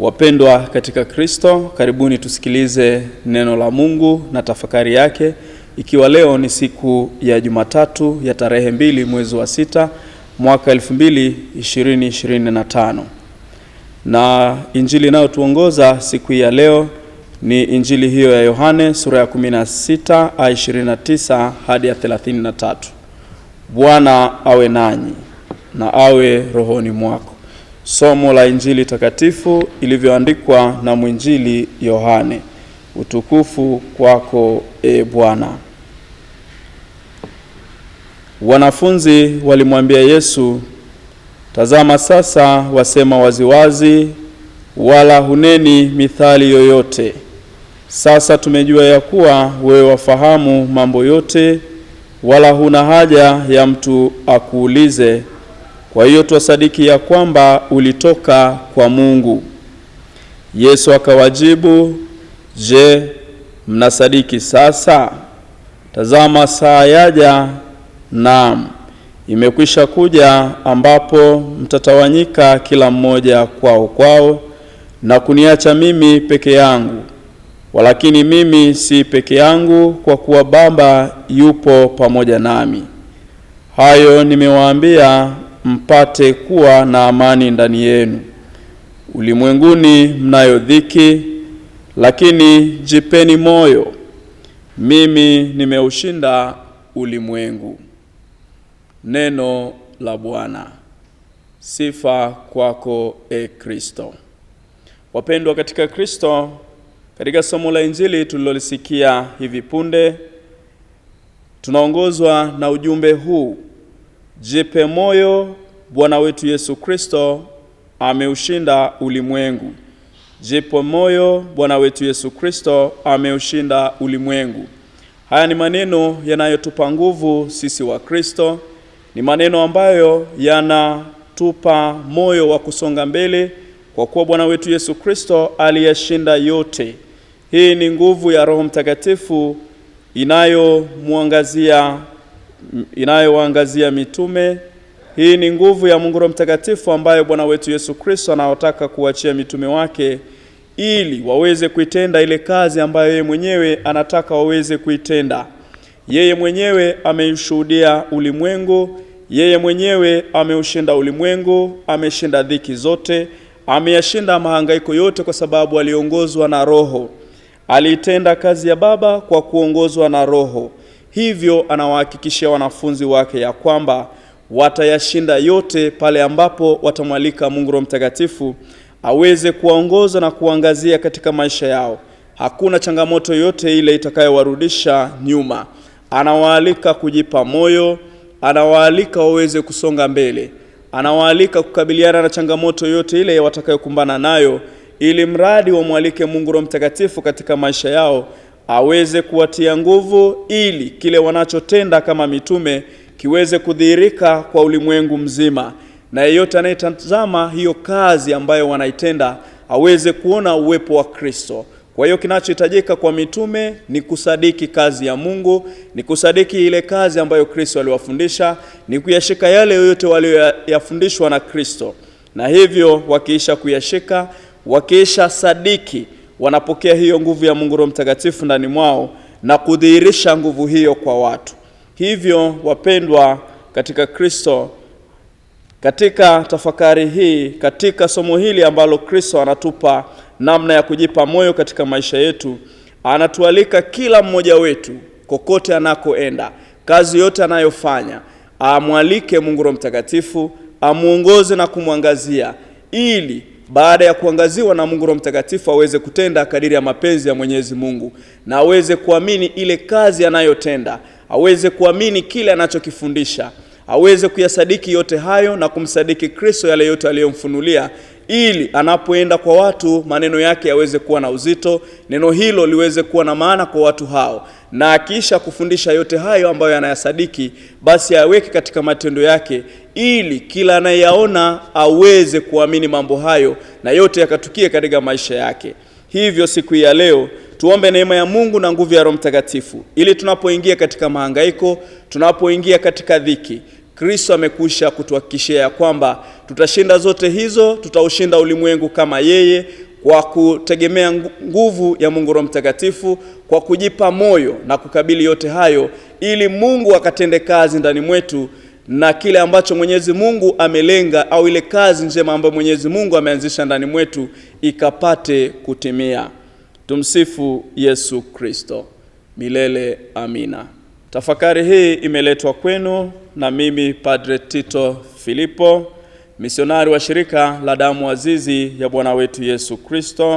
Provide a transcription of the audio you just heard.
Wapendwa katika Kristo, karibuni tusikilize neno la Mungu na tafakari yake, ikiwa leo ni siku ya Jumatatu ya tarehe mbili mwezi wa sita mwaka 2025. Na injili inayotuongoza siku hii ya leo ni injili hiyo ya Yohane sura ya 16 aya 29 hadi ya 33. Bwana awe nanyi na awe rohoni mwako. Somo la Injili takatifu ilivyoandikwa na mwinjili Yohane. Utukufu kwako e Bwana. Wanafunzi walimwambia Yesu, tazama sasa wasema waziwazi, wala huneni mithali yoyote. Sasa tumejua ya kuwa wewe wafahamu mambo yote, wala huna haja ya mtu akuulize kwa hiyo twasadiki ya kwamba ulitoka kwa Mungu. Yesu akawajibu, je, mnasadiki sasa? Tazama, saa yaja, naam imekwisha kuja, ambapo mtatawanyika kila mmoja kwao kwao na kuniacha mimi peke yangu. Walakini mimi si peke yangu, kwa kuwa Baba yupo pamoja nami. Hayo nimewaambia mpate kuwa na amani ndani yenu. Ulimwenguni mnayo dhiki, lakini jipeni moyo, mimi nimeushinda ulimwengu. Neno la Bwana. Sifa kwako e Kristo. Wapendwa katika Kristo, katika somo la Injili tulilolisikia hivi punde, tunaongozwa na ujumbe huu Jipe moyo, Bwana wetu Yesu Kristo ameushinda ulimwengu. Jipe moyo, Bwana wetu Yesu Kristo ameushinda ulimwengu. Haya ni maneno yanayotupa nguvu sisi wa Kristo, ni maneno ambayo yanatupa moyo wa kusonga mbele, kwa kuwa Bwana wetu Yesu Kristo aliyeshinda yote. Hii ni nguvu ya Roho Mtakatifu inayomwangazia inayowaangazia mitume. Hii ni nguvu ya Mungu Roho Mtakatifu ambayo Bwana wetu Yesu Kristo anawataka kuachia mitume wake ili waweze kuitenda ile kazi ambayo yeye mwenyewe anataka waweze kuitenda. Yeye mwenyewe ameishuhudia ulimwengu, yeye mwenyewe ameushinda ulimwengu, ameshinda dhiki zote, ameyashinda mahangaiko yote, kwa sababu aliongozwa na Roho. Aliitenda kazi ya Baba kwa kuongozwa na Roho. Hivyo anawahakikishia wanafunzi wake ya kwamba watayashinda yote pale ambapo watamwalika Mungu Roho Mtakatifu aweze kuwaongoza na kuangazia katika maisha yao. Hakuna changamoto yote ile itakayowarudisha nyuma. Anawaalika kujipa moyo, anawaalika waweze kusonga mbele, anawaalika kukabiliana na changamoto yote ile watakayokumbana nayo, ili mradi wamwalike Mungu Roho Mtakatifu katika maisha yao aweze kuwatia nguvu ili kile wanachotenda kama mitume kiweze kudhihirika kwa ulimwengu mzima, na yeyote anayetazama hiyo kazi ambayo wanaitenda aweze kuona uwepo wa Kristo. Kwa hiyo kinachohitajika kwa mitume ni kusadiki kazi ya Mungu, ni kusadiki ile kazi ambayo Kristo aliwafundisha, ni kuyashika yale yote walioyafundishwa na Kristo, na hivyo wakiisha kuyashika, wakiisha sadiki wanapokea hiyo nguvu ya Mungu Roho Mtakatifu ndani mwao na kudhihirisha nguvu hiyo kwa watu. Hivyo wapendwa katika Kristo, katika tafakari hii, katika somo hili ambalo Kristo anatupa namna ya kujipa moyo katika maisha yetu, anatualika kila mmoja wetu kokote anakoenda, kazi yote anayofanya, amwalike Mungu Roho Mtakatifu, amuongoze na kumwangazia ili baada ya kuangaziwa na Mungu Roho Mtakatifu aweze kutenda kadiri ya mapenzi ya Mwenyezi Mungu na aweze kuamini ile kazi anayotenda, aweze kuamini kile anachokifundisha aweze kuyasadiki yote hayo na kumsadiki Kristo yale yote aliyomfunulia, ili anapoenda kwa watu maneno yake yaweze kuwa na uzito, neno hilo liweze kuwa na maana kwa watu hao, na akisha kufundisha yote hayo ambayo anayasadiki, basi aweke katika matendo yake, ili kila anayeyaona aweze kuamini mambo hayo na yote yakatukie katika maisha yake. Hivyo siku ya leo tuombe neema ya Mungu na nguvu ya Roho Mtakatifu ili tunapoingia katika mahangaiko, tunapoingia katika dhiki Kristo amekwisha kutuhakikishia ya kwamba tutashinda zote hizo, tutaushinda ulimwengu kama yeye, kwa kutegemea nguvu ya Mungu Roho Mtakatifu, kwa kujipa moyo na kukabili yote hayo, ili Mungu akatende kazi ndani mwetu na kile ambacho Mwenyezi Mungu amelenga au ile kazi njema ambayo Mwenyezi Mungu ameanzisha ndani mwetu ikapate kutimia. Tumsifu Yesu Kristo milele. Amina. Tafakari hii imeletwa kwenu na mimi Padre Tito Filipo, misionari wa shirika la damu azizi ya Bwana wetu Yesu Kristo.